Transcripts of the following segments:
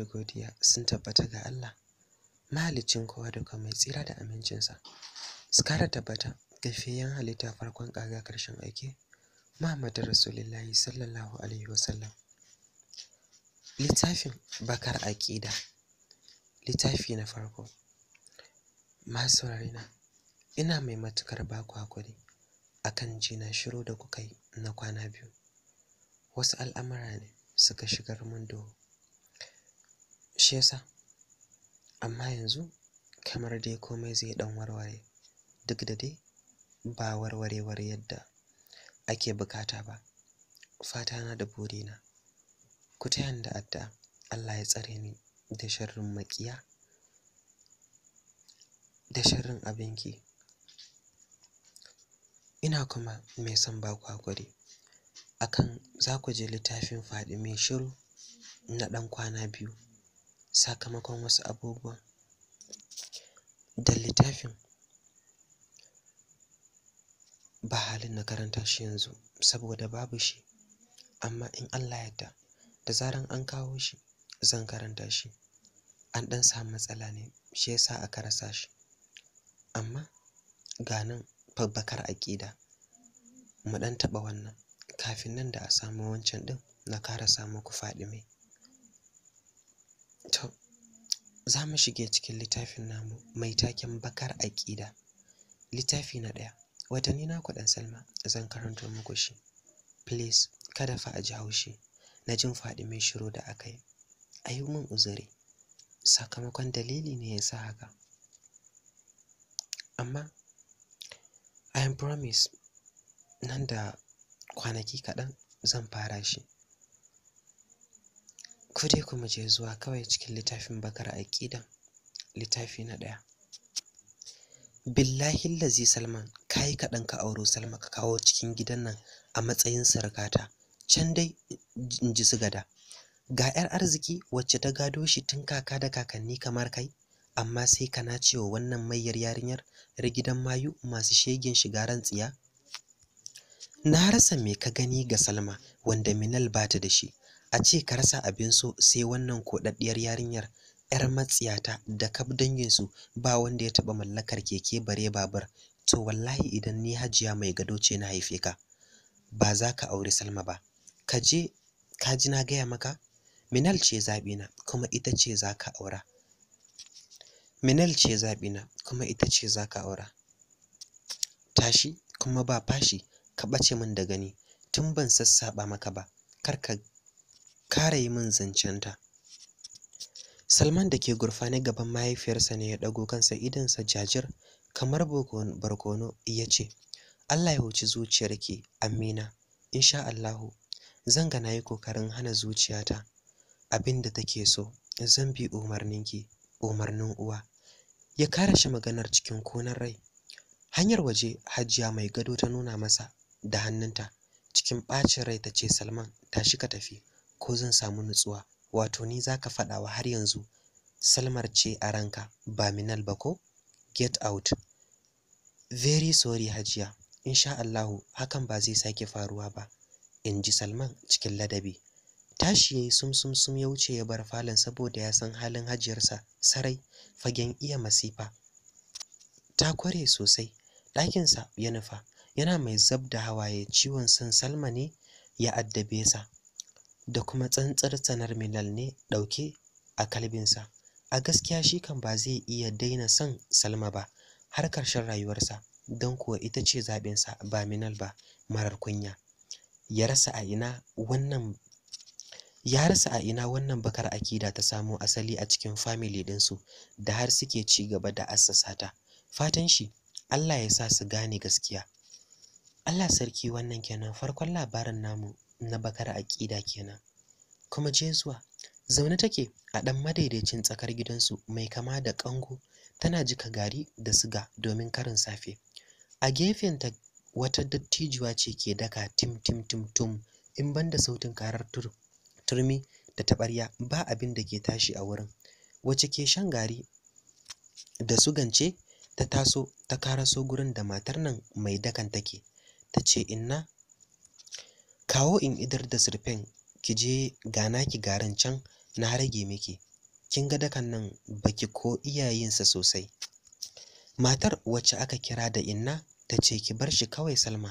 da godiya sun tabbata ga Allah mahaliccin kowa da kuma mai tsira da amincinsa su kara tabbata gafiyan halitta farkon ƙaga ƙarshen aiki Muhammadu Rasulullahi sallallahu alaihi wasallam littafin bakar aƙida littafi na farko masu rarina ina mai matukar baku hakuri kan jina shiru da kuka yi na kwana biyu wasu al'amura ne suka shigar mun da shi yasa amma yanzu kamar dai komai zai ɗan warware duk da dai ba warwarewar yadda ake bukata ba fata na da burina ku ta yanda adda Allah ya tsare ni da sharrin makiya da sharrin abinki ina kuma mai son ba ku hakuri akan za ku je littafin faɗi mai shiru na ɗan kwana biyu sakamakon wasu abubuwan da littafin ba halin na karanta shi yanzu saboda babu shi amma in Allah yadda da zaran an kawo shi zan karanta shi an ɗan samu matsala ne shi yasa aka rasa shi amma ga nan babbakar aƙida mu ɗan taɓa wannan kafin nan da a samu wancan ɗin na ƙara samu ku faɗi mai To, za mu shige cikin littafin namu mai taken bakar aƙida. Littafi na ɗaya, watanni na kuɗin Salma, zan karanto muku shi. Please, kada fa a ji haushi, na jin faɗi mai shiru da aka yi. A yi min uzuri, sakamakon dalili ne ya sa haka. Amma, I am promise, nan da kwanaki kaɗan zan fara shi. ku dai kuma je zuwa kawai cikin littafin bakar aƙidan littafi na ɗaya billahi lazi salman kayi kaɗan ka auro salma ka kawo cikin gidan nan a matsayin sarkata can dai in ji su gada ga 'yar arziki wacce ta gado shi tun kaka da kakanni kamar kai amma sai ka kana cewa wannan mayar yarinyar gidan mayu masu shegin shiga rantsiya na rasa me ka gani ga salma wanda minal bata da shi a ce ka rasa abin so sai wannan koɗaɗɗiyar yarinyar ‘yar matsiyata da kaf danginsu ba wanda ya taɓa mallakar keke bare babur to wallahi idan ni hajiya mai gado ce na haife ka ba za ka auri salma ba ka je ka ji na gaya maka minal ce zaɓina kuma ita ce za ka aura minal ce zaɓina kuma ita ce za ka aura tashi kuma ba fashi ka ɓace min da gani tun ban sassaɓa maka ba kar ka kare yi min zancenta Salman da ke gurfane gaban mahaifiyarsa ne ya ɗago kansa sa jajir kamar barkono ya ce Allah ya huci ki, Amina insha Allahu zan ga nayi kokarin hana zuciyata abinda take so zan bi umarninki umarnin uwa ya kare shi maganar cikin konar rai hanyar waje Hajiya mai gado ta nuna masa da hannunta cikin ɓacin rai ta ce Salman tashi ka tafi ko zan samu nutsuwa wato ni zaka faɗawa har yanzu salmar ce a ranka ba minal ba ko get out very sorry hajiya insha Allahu hakan ba zai sake faruwa ba in ji salman cikin ladabi tashi yayi sum sum ya wuce ya bar falon saboda ya san halin hajiyarsa sarai fagen iya masifa ta kware sosai ɗakinsa ya nufa yana mai zab da hawaye ciwon san salma ne ya addabe sa da kuma tsantsar tsanar Milal ne ɗauke a kalbinsa. A gaskiya shi kan ba zai iya daina son Salma ba har ƙarshen rayuwarsa, don kuwa ita ce zaɓinsa ba Minal ba marar kunya. Ya rasa a ina wannan ya a ina wannan bakar akida ta samo asali a cikin famili ɗinsu da har suke ci gaba da assasa ta. Fatan shi Allah ya sa su gane gaskiya. Allah sarki wannan kenan farkon labarin namu na bakar aƙida kenan kuma jesuwa zaune take a ɗan madaidaicin tsakar gidansu mai kama da ƙango tana jika gari da siga domin karin safe a gefen ta wata dattijuwa ce ke daka tim tim tim tum in da sautin karar turmi da taɓarya ba abin da ke tashi a wurin wacce ke shan gari da sugance ta taso ta karaso gurin da matar nan mai dakan take ta ce inna kawo in idar da surfen ki je ga naki garin can na rage miki kin ga dakan nan baki ko iyayensa sosai matar wacce aka kira da inna ta ce ki bar shi kawai salma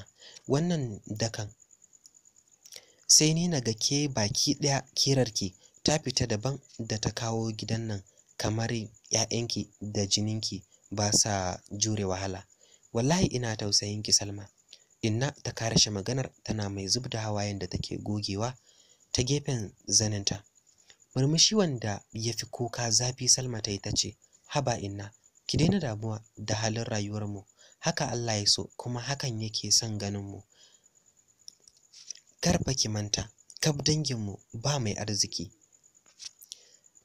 wannan dakan sai ni naga ke baki ɗaya kirarki ta fita daban da ta kawo gidan nan kamar 'ya'yanki da jininki ba sa jure wahala wallahi ina tausayin ki salma Inna ta karashe maganar tana mai zub da hawayen da take gogewa ta gefen zaninta. Murmushi wanda ya fi kuka zafi Salma ta yi ta ce, Haba Inna, ki daina damuwa da halin rayuwarmu, haka Allah ya so kuma hakan yake son ganinmu. Karfa ki manta, kaf danginmu ba mai arziki.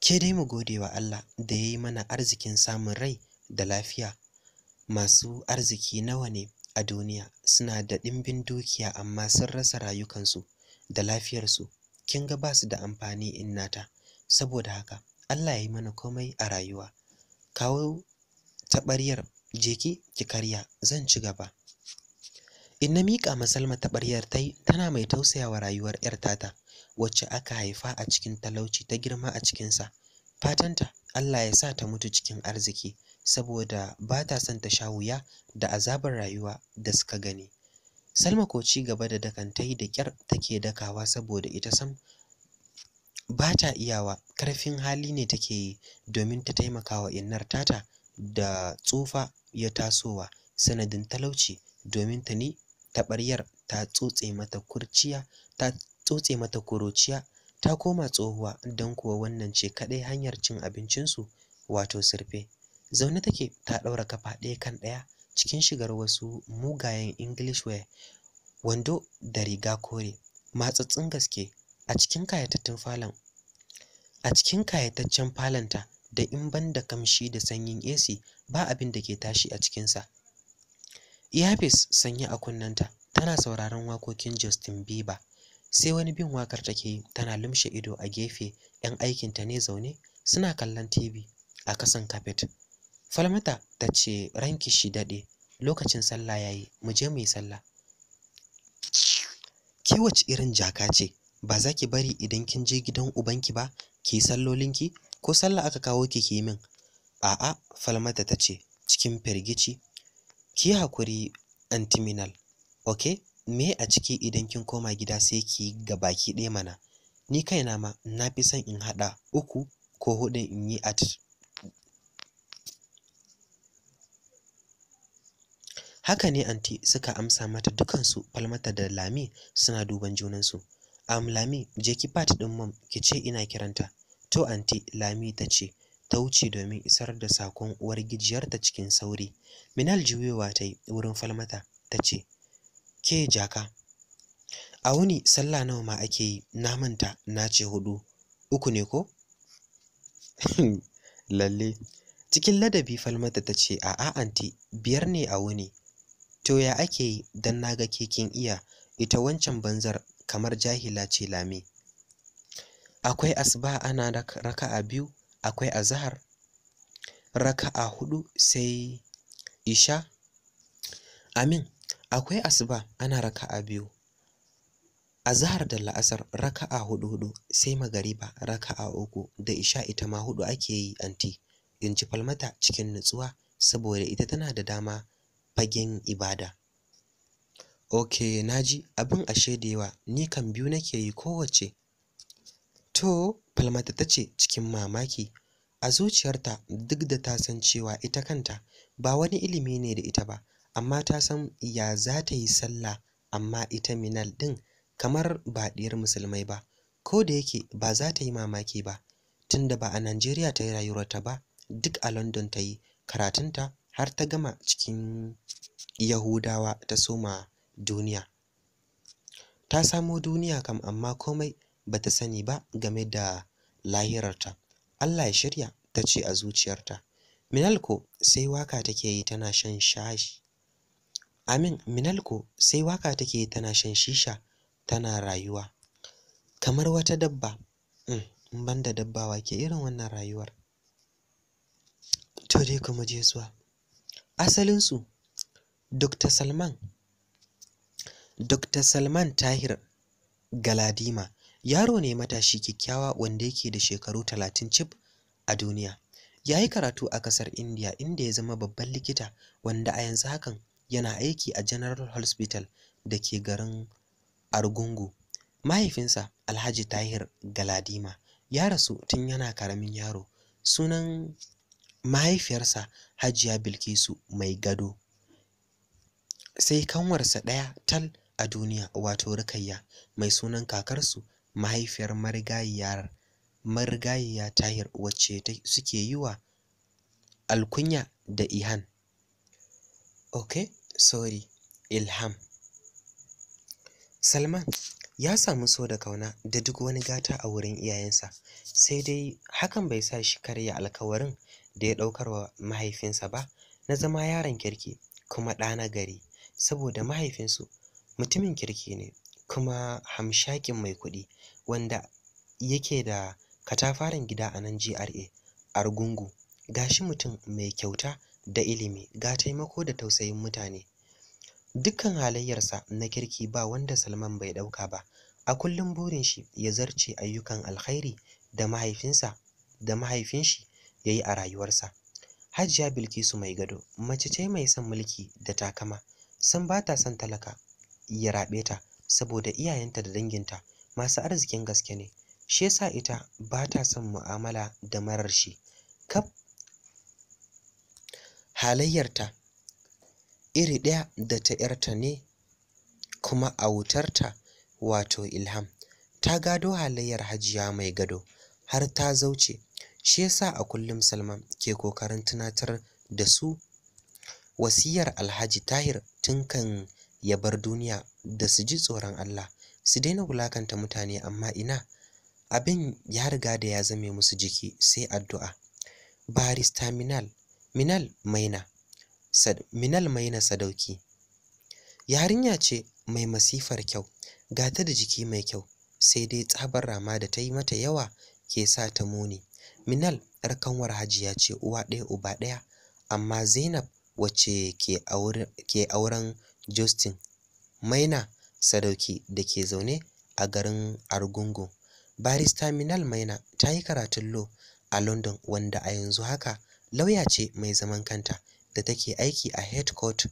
Ke dai mu gode wa Allah da ya yi mana arzikin samun rai da lafiya. Masu arziki nawa ne a duniya suna da ɗimbin dukiya amma sun rasa rayukansu da lafiyarsu kin ga ba su da amfani in innata saboda haka Allah ya yi mana komai a rayuwa kawo taɓaryar jeki ki karya zan ci gaba in na miƙa masalma taɓaryar yi, tana mai tausayawa rayuwar 'yar tata wacce aka haifa a cikin talauci ta girma a cikinsa fatanta Allah ya sa ta mutu cikin arziki saboda ba ta son ta sha wuya da azabar rayuwa da suka gani Salma ko ci gaba da dakantai da kyar take dakawa saboda ita sam ba ta iyawa karfin hali ne take yi domin ta taimaka wa innar tata da tsufa ya tasowa sanadin talauci domin ta ni taɓaryar ta tsotse mata kurciya ta tsotse mata kurociya ta koma tsohuwa don kuwa wannan ce kaɗai hanyar cin abincinsu wato surfe zaune take ta ɗaura kafa ɗaya kan ɗaya cikin shigar wasu mugayen english wear wando da riga kore matsatsin gaske a cikin kayatattun falon a cikin kayataccen falonta da in ban da kamshi da sanyin AC ba abin da ke tashi a cikinsa. Iyafis sanyi a kunnanta tana sauraron wakokin Justin Bieber sai wani bin wakar take yi tana lumshe ido a gefe 'yan aikinta ne zaune suna kallon TV a kasan kafet. Falmata ta ce ranki shi daɗe lokacin sallah yayi mu je mu yi sallah. Ke wace irin jaka ce ba za ki bari idan kin je gidan ubanki ba ki yi sallolinki ko sallah aka kawo ki ki min. A'a Falmata ta ce cikin firgici ki hakuri antiminal. Okay me a ciki idan kin koma gida sai ki ga baki ɗaya mana. Ni kaina ma na fi son in haɗa uku ko huɗu in yi at Haka ne anti suka amsa mata dukansu falmata da Lami suna duban junansu. Am Lami je ki fat ɗin mom ki ce ina kiranta. To anti Lami ta ce ta wuce domin isar da sakon uwar gijiyarta cikin sauri. Minal juyewa ta wurin falmata ta ce ke jaka. A wuni sallah nawa ma ake yi na manta na ce hudu uku ne ko? Lalle cikin ladabi falmata ta ce a'a anti biyar ne a wuni to ya ake yi don na ga iya ita wancan banzar kamar jahila ce lami. akwai asuba ana raka'a biyu akwai azahar raka'a hudu sai isha amin akwai asuba ana raka'a biyu azahar da la'asar raka'a hudu hudu sai magariba raka'a uku da isha ita ma hudu ake yi anti in ji falmata cikin nutsuwa saboda ita tana da dama fagen ibada ok naji abin ashe da yawa ni kan biyu nake yi kowace to falmata ta ce cikin mamaki a zuciyarta duk da ta san cewa ita kanta ba wani ilimi ne da ita ba amma ta san ya za ta yi sallah amma ita minal ɗin kamar ba ɗiyar musulmai ba ko da yake ba za ta yi mamaki ba tunda ba a Najeriya ta yi rayuwarta ba duk a London ta yi karatunta har ta gama cikin Yahudawa ta soma duniya ta samo duniya kam amma komai ba ta sani ba game da lahirarta Allah ya shirya ta ce a zuciyarta Minalko sai waka take yi tana shan shashi Amin Minalko sai waka take yi tana shan shisha tana rayuwa kamar wata dabba mm, in banda dabba ke irin wannan rayuwar to dai kuma je zuwa asalinsu dr salman dr salman tahir galadima yaro ne matashi kyakkyawa wanda yake da shekaru talatin cif a duniya ya yi karatu a kasar india inda ya zama babban likita wanda a yanzu hakan yana aiki a general hospital da ke garin argungu mahaifinsa alhaji tahir galadima ya rasu tun yana karamin yaro sunan mahaifiyarsa Hajiya Bilkisu mai gado sai kanwarsa ɗaya tal a duniya wato rikayya mai sunan kakarsu mahaifiyar marigayiyar marigayiya Tahir wacce suke yi wa alkunya da Ihan Ok sorry Ilham Salman ya samu so da kauna da duk wani gata a wurin iyayensa sai dai hakan bai sa shi karya alkawarin da ya ɗaukar wa mahaifinsa ba na zama yaron kirki kuma ɗa na gari saboda mahaifinsu mutumin kirki ne kuma hamshakin mai kuɗi wanda yake da katafaren gida a nan GRA Argungu gashi mutum mai kyauta da ilimi ga taimako da tausayin mutane dukkan halayyarsa na kirki ba wanda Salman bai ɗauka ba a kullum burin shi ya zarce ayyukan alkhairi da mahaifinsa da mahaifin shi ya yi a rayuwarsa hajiya bilkisu mai gado mace ce mai son mulki da takama Sun ba ta son talaka ya raɓe ta saboda iyayenta da danginta masu arzikin gaske ne shi yasa ita ba ta son mu'amala da marar shi kaf halayyarta iri ɗaya da ta ‘yarta ne kuma a wutarta wato ilham ta gado halayyar hajiya mai gado har ta zauce shi yasa a kullum Salma ke kokarin tunatar da su wasiyar Alhaji Tahir tun kan ya bar duniya da su ji tsoron Allah su daina wulakanta mutane amma ina abin ya riga da ya zame musu jiki sai addu'a barista Minal Minal Maina Sad Minal Maina Sadauki yarinya ce mai masifar kyau gata da jiki mai kyau sai dai tsabar rama da ta yi mata yawa ke sa ta muni Minal ‘yar kanwar Hajiya ce uwa ɗaya uba ɗaya, amma Zainab wacce ke auren Justin Maina Sadauki da ke zaune a garin Argungu. Barista Minal Maina ta yi karatun lo a London wanda a yanzu haka lauya ce mai zaman kanta da take aiki a Head Court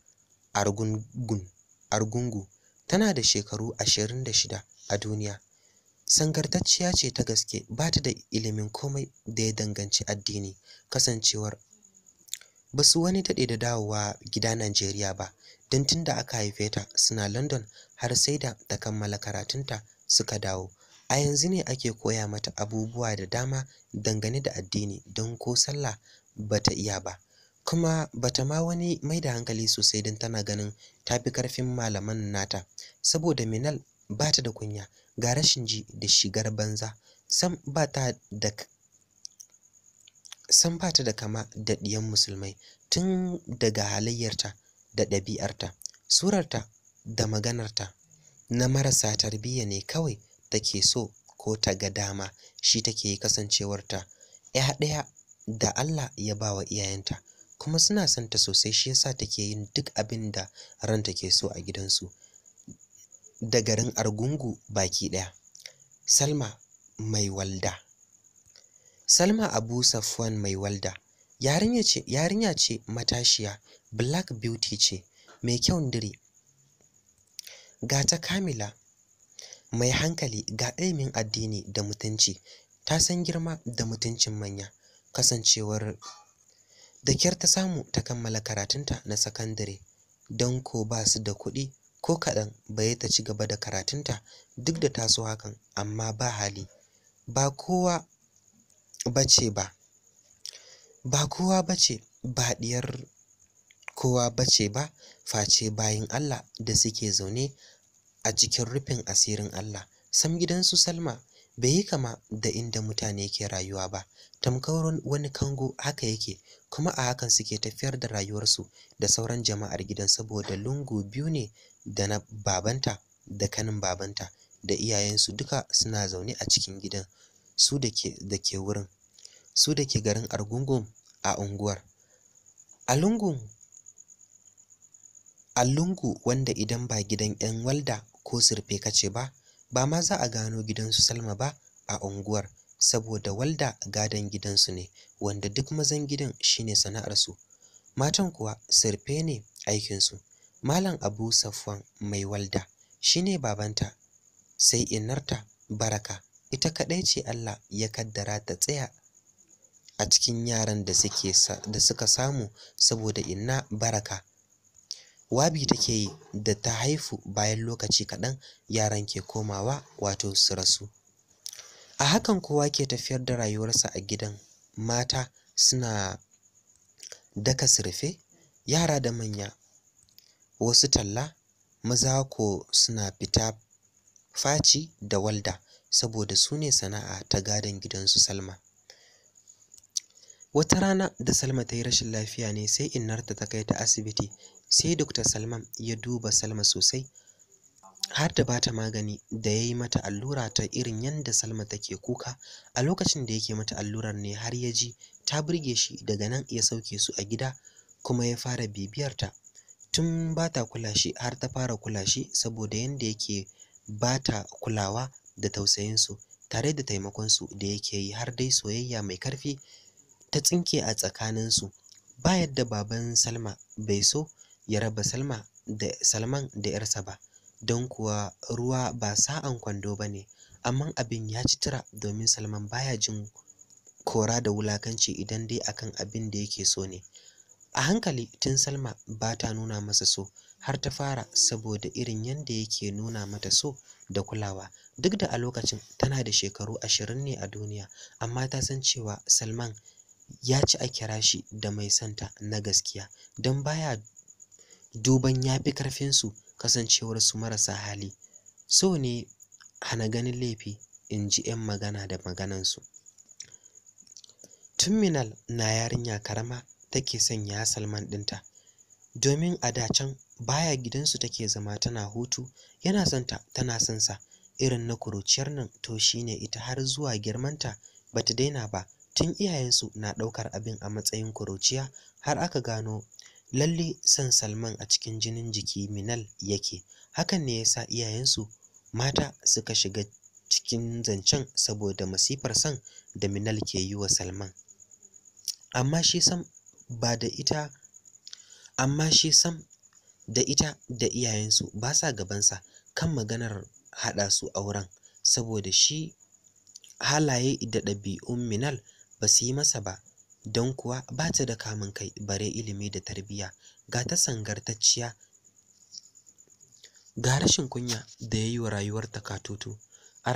Argungu tana da shekaru 26 a duniya. sangartacciya ce ta gaske ba ta da ilimin komai da ya danganci addini kasancewar ba su wani daɗe da dawowa gida Najeriya ba don tun da aka haife ta suna London har sai da ta kammala karatunta suka dawo a yanzu ne ake koya mata abubuwa da dama dangane da addini don ko sallah ba ta iya ba kuma ba ta ma wani mai da hankali sosai don tana ganin tafi fi karfin malaman nata saboda Minal ba ta da kunya ga rashin ji da shigar banza sam ba ta da san ba da kama da ɗiyan musulmai tun daga halayyarta da ɗabi'arta surarta da maganarta na marasa tarbiyya ne kawai take so ko ta ga dama shi take kasancewarta ya ɗaya da Allah ya ba wa iyayenta kuma suna son ta sosai shi yasa take yin duk abin da ranta ke so a gidansu da garin Argungu baki ɗaya. Salma mai walda Salma Abu Safwan mai walda yarinya ce matashiya black beauty ce mai kyau ndiri. ga ta kamila mai hankali ga ilimin addini da mutunci ta san girma da mutuncin manya kasancewar da kyar ta samu ta kammala karatunta na sakandare don ko ba su da kuɗi ko kaɗan bai ta ci gaba da karatunta duk da taso hakan amma ba hali ba kowa bace ba ba kowa bace ba diyar kowa bace ba face bayan Allah da suke zaune a cikin rufin asirin Allah sam gidansu Salma bai yi kama da inda mutane ke rayuwa ba tamkar wani kango haka yake kuma a hakan suke tafiyar da rayuwarsu da sauran jama'ar gidan saboda lungu biyu ne da na babanta da kanin babanta da iyayensu duka suna zaune a cikin gidan su da ke wurin su da ke garin argungun a unguwar a lungu wanda idan ba gidan 'yan walda ko surfe kace ba ba ma za a gano gidansu salma ba a unguwar saboda walda gadon gidansu ne wanda duk mazan gidan shine sana'arsu matan kuwa surfe ne aikinsu malam abu safwan mai walda shine babanta sai innarta baraka ita kaɗai ce allah ya kaddara ta tsaya a cikin yaran da da suka samu saboda inna baraka wabi take yi da ta haifu bayan lokaci kaɗan yaran ke komawa wato su rasu a hakan kowa ke tafiyar da rayuwarsa a gidan mata suna daka surfe yara da manya wasu talla maza ko suna fita faci da walda saboda su ne sana'a ta gadon gidansu Salma wata rana da Salma ta yi rashin lafiya ne sai innarta ta kai ta asibiti sai Dr. Salman ya duba Salma sosai har da ba ta magani da ya yi mata allura ta irin yadda Salma take kuka a lokacin da yake mata allurar ne har ya ji ta burge shi daga nan ya sauke su a gida kuma ya fara bibiyar ta tun ba ta kula shi har ta fara kula shi saboda yadda yake ta kulawa da tausayinsu tare da taimakonsu da yake yi har dai soyayya mai karfi ta tsinke a tsakaninsu ba yadda baban Salma bai so ya raba Salma Salman da 'yarsa ba don kuwa ruwa ba sa'an kwando ba ne amma abin ya ci tura domin salman baya jin kora da wulakanci idan dai akan abin da yake so ne a hankali tun salma ba ta nuna masa so har ta fara saboda irin yadda yake nuna mata so da kulawa duk da a lokacin tana da shekaru ashirin ne a duniya amma ta san cewa salman ya ci a kira shi da mai santa na gaskiya don baya duban ya fi karfinsu kasancewarsu marasa hali so ne hana ganin laifi in ji 'yan magana da maganansu Tuminal na yarinya karama take sanya ya salman ɗinta domin a da baya gidansu take zama tana hutu yana son tana sonsa. irin na kuruciyar nan to shine ita har zuwa girmanta bata daina ba tun iyayensu na ɗaukar abin a matsayin kuruciya har aka gano lalle san Salman a cikin jinin jiki Minal yake hakan ne yasa iyayensu mata suka shiga cikin zancen saboda masifar san da Minal ke yi wa Salman amma shi sam ba da ita amma shi sam da ita da iyayensu ba sa gabansa kan maganar haɗa su auren saboda shi halaye da ɗabi'un Minal ba su yi masa ba don kuwa ba ta da kamun kai bare ilimi da tarbiyya ga ta sangartacciya ga rashin kunya da ya yi wa rayuwarta katutu a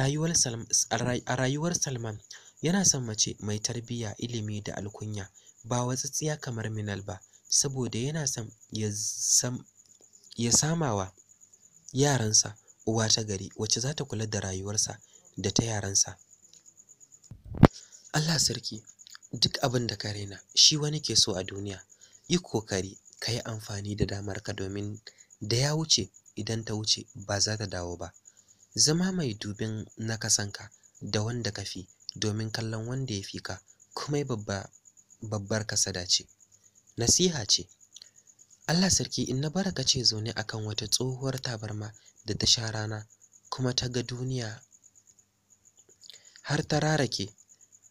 rayuwar salman yana son mace mai tarbiyya ilimi da alkunya ba watsatsiya kamar minal ba saboda yana son ya wa yaransa uwa ta gari wacce za ta kula da rayuwarsa da ta yaransa Allah sarki duk abin da ka raina shi wani ke so a duniya yi kokari ka yi amfani da damarka domin da ya wuce idan ta wuce ba za ta dawo ba zama mai dubin na kasanka da wanda ka fi domin kallon wanda ya fi ka kuma babba babbar kasada ce nasiha ce Allah sarki in na baraka ce zaune akan wata tsohuwar tabarma da ta sha rana kuma ta ga duniya har ta rarake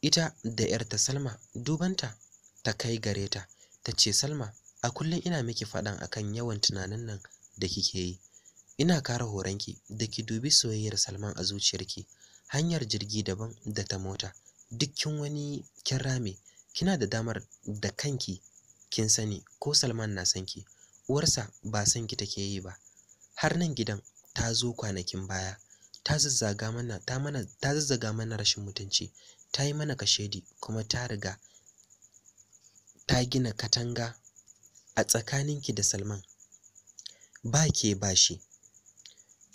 ita da ‘yarta Salma dubanta ta kai gare ta ta ce Salma a kullum ina miki faɗan akan yawan tunanin nan da kike yi ina kara horonki da ki dubi soyayyar Salman a zuciyarki hanyar jirgi daban da ta mota dukkin wani kin kina da damar da kanki kin sani ko Salman na sanki? ki uwarsa ba san ki take yi ba har nan gidan ta zo kwanakin baya ta zazzaga mana ta mana ta zazzaga mana rashin mutunci ta yi mana kashedi kuma ta riga ta gina katanga a tsakaninki da Salman ba ke ba shi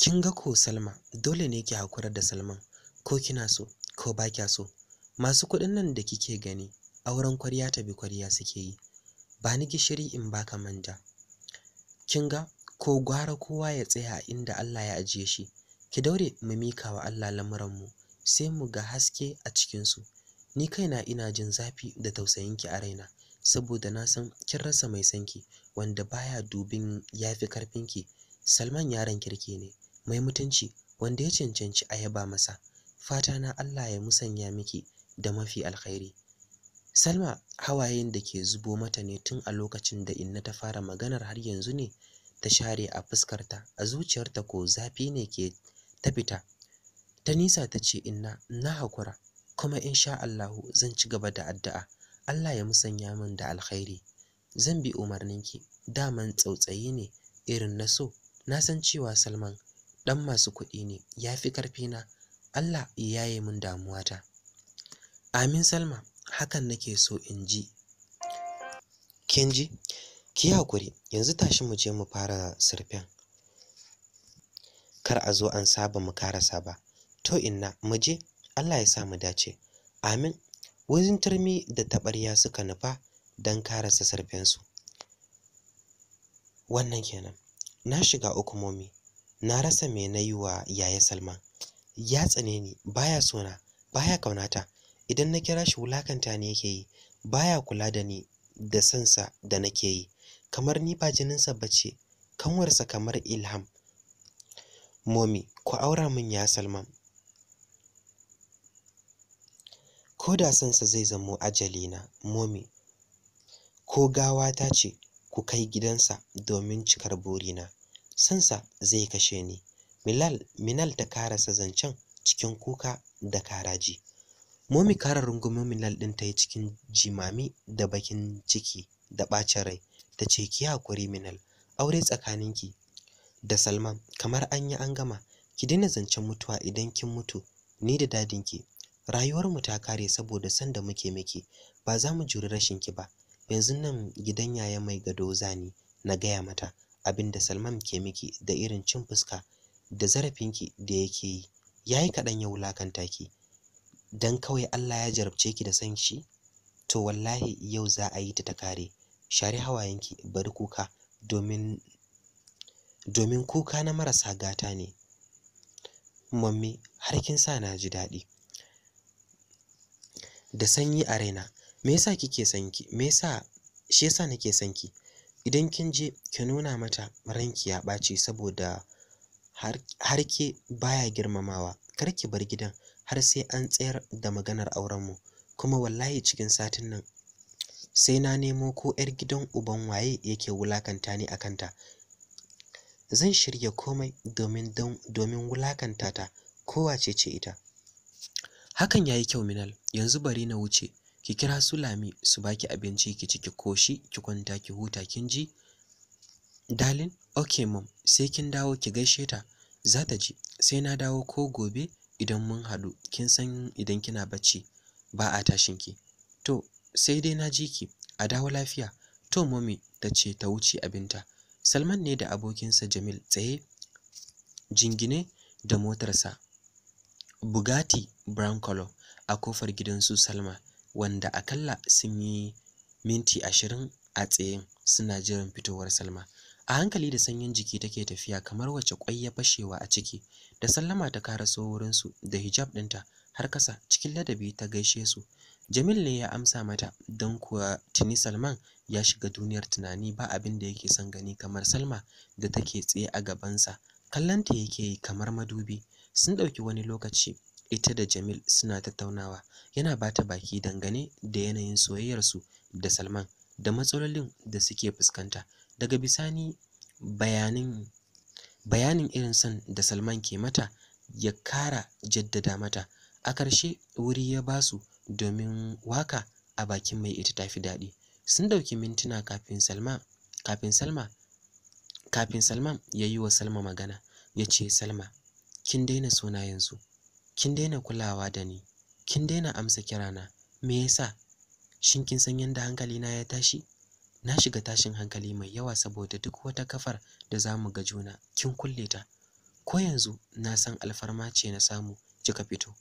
kin ga ko Salma dole ne ki hakura da Salman ko kina so ko ba kya so masu kuɗin nan da kike gani auren kwarya ta bi kwarya suke yi ba ni gishiri in baka manja kin ga ko gwara kowa ya tsaya inda Allah ya ajiye shi ki daure mu mika wa Allah lamuranmu sai mu ga haske a cikinsu ni kaina ina jin zafi da tausayinki a raina saboda na san kin rasa mai sanki wanda baya dubin yafi karfinki Salman yaron kirki ne mai mutunci wanda ya cancanci a yaba masa fata na Allah ya musanya miki da mafi alkhairi Salma hawayen da ke zubo mata ne tun a lokacin da Inna ta fara maganar har yanzu ne ta share a fuskarta a zuciyarta ko zafi ne ke ta fita ta nisa ta ce inna na hakura kuma insha Allahu zan ci gaba da addu'a Allah ya musanya min da alkhairi zan bi umarninki daman tsautsayi ne irin na so na san cewa Salman dan masu kuɗi ne Ya karfi na Allah ya yaye min damuwata Amin Salma hakan nake so in ji Kin ji? ki hakuri yanzu tashi mu je mu fara surfen kar a zo an saba mu karasa ba to inna mu je Allah ya sa mu dace amin wajen turmi da taɓarya suka nufa don karasa su. wannan kenan na shiga hukumomi na rasa me na yi wa yaya salma ya tsane ni baya sona baya kaunata idan na kira shi wulakanta ne yake yi baya kula da ni da sansa da nake yi kamar ni ba jininsa bace kanwarsa kamar ilham momi ku aura mun ya salman ko da sansa zai zamo ajalina momi ko gawa ta ce ku kai gidansa domin cikar burina sansa zai kashe ni milal minal ta karasa zancen cikin kuka da karaji momi kara rungumin minal ɗin ta yi cikin jimami da bakin ciki da ɓacin rai ta ce ki hakuri minal aure tsakaninki da salman kamar an yi an gama ki daina zancen mutuwa idan kin mutu ni da dadinki Rayuwar mu ta kare saboda sanda muke miki ba za mu juri rashin ki ba yanzu nan gidan yaya mai gado zani na gaya mata abin da Salman ke miki da irin cin fuska da zarafinki da yake yi yayi kaɗan ya wulakanta ki dan kawai Allah ya jarabce ki da san shi to wallahi yau za a yi ta ta kare share hawayenki bari kuka domin domin kuka na marasa gata ne mammi har kin sa na ji daɗi da sanyi a raina me yasa kike sanki me yasa shi yasa nake sanki idan kin je ki nuna mata ranki ya ɓaci saboda har ki baya girmamawa kar ki bar gidan har sai an tsayar da maganar auren mu kuma wallahi cikin satin nan sai na nemo ko 'yar gidan uban waye yake wulakanta ni a kanta zan shirya komai domin domin wulakanta ta kowace ce ita hakan yayi kyau minal yanzu bari na wuce ki kira su lami su baki abinci ki ci ki koshi ki kwanta ki huta kin ji dalin okay mom sai kin dawo ki gaishe ta za ta ji sai na dawo ko gobe idan mun hadu kin san idan kina bacci ba a tashin ki to sai dai na ji ki a dawo lafiya to mommy ta ce ta wuce abinta salman ne da abokinsa jamil tsaye jingine da motarsa Bugatti brown color a kofar gidan su Salma wanda akalla sun yi minti ashirin a tsayen suna jiran fitowar Salma. A hankali da sanyin jiki take tafiya kamar wacce kwai ya fashewa a ciki. Da sallama ta karaso wurinsu da hijab ɗinta har kasa cikin ladabi ta gaishe su. Jamil ne ya amsa mata don kuwa tuni Salman ya shiga duniyar tunani ba abin da yake son gani kamar Salma da take tsaye a gabansa. Kallonta yake yi kamar madubi sun ɗauki wani lokaci ita da Jamil suna tattaunawa yana ba ta baki dangane da yanayin soyayyarsu da Salman da matsalolin da suke fuskanta daga bisani bayanin bayanin irin son da Salman ke mata ya kara jaddada mata a ƙarshe wuri ya basu domin waka a bakin mai ita tafi daɗi sun ɗauki mintuna kafin Salma kafin Salma kafin Salman ya yi wa Salma magana ya ce Salma kin daina suna yanzu kin daina kulawa da ni kin daina amsa kirana me yasa shin kin san yanda na ya tashi na shiga tashin hankali mai yawa saboda duk wata kafar da za mu ga juna kin kulle ta ko yanzu na san alfarma ce na samu kika fito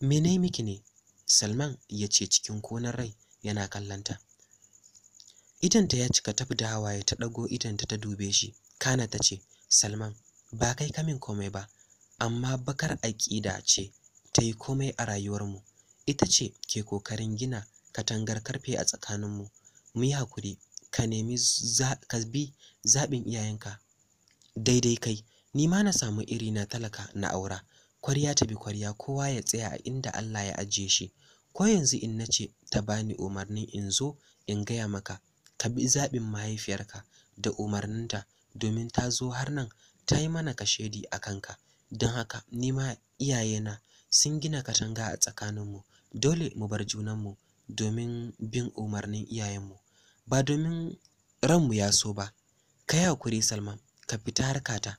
me miki ne Salman ya ce cikin konar rai yana kallanta idanta ya cika tafi da hawaye ta ɗago idanta ta dube shi kana ta ce Salman ba kai kamin komai ba amma bakar aƙida ce ta yi komai a rayuwarmu ita ce ke ƙoƙarin gina katangar karfe a tsakaninmu mu yi hakuri ka nemi ka bi zaɓin iyayenka daidai kai ni ma na samu iri na talaka na aura kwarya ta bi kwarya kowa ya tsaya a inda Allah ya ajiye shi ko yanzu in na ce ta bani umarnin in zo in gaya maka ka bi zaɓin mahaifiyarka da umarninta domin ta zo har nan ta yi mana kashedi a kanka don haka nima iyayena sun gina katanga a tsakaninmu dole mu bar junanmu domin bin umarnin iyayenmu ba domin ranmu ya so ba ka yi hakuri salma ka fita harkata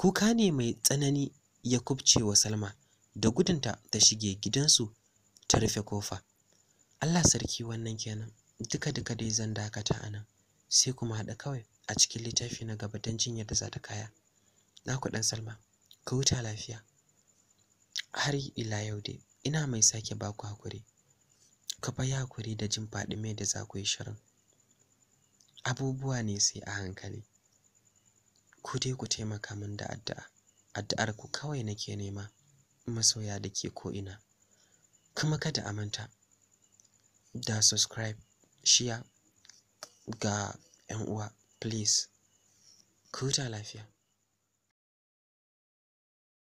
kuka ne mai tsanani ya kubce wa salma da gudunta ta shige gidansu ta rufe kofa allah sarki wannan kenan duka duka dai zan dakata a nan sai kuma haɗa kawai a cikin littafi na gaba don da da za ta kaya na ku salma ka huta lafiya har ila yau dai ina mai sake baku hakuri ka fa hakuri da jin faɗi mai da za ku yi shirin abubuwa ne sai a hankali ku dai ku taimaka min da addu'a addu'ar ku kawai nake nema masoya da ke ko'ina kuma kada a manta da subscribe shiya ga 'yan uwa please ku huta lafiya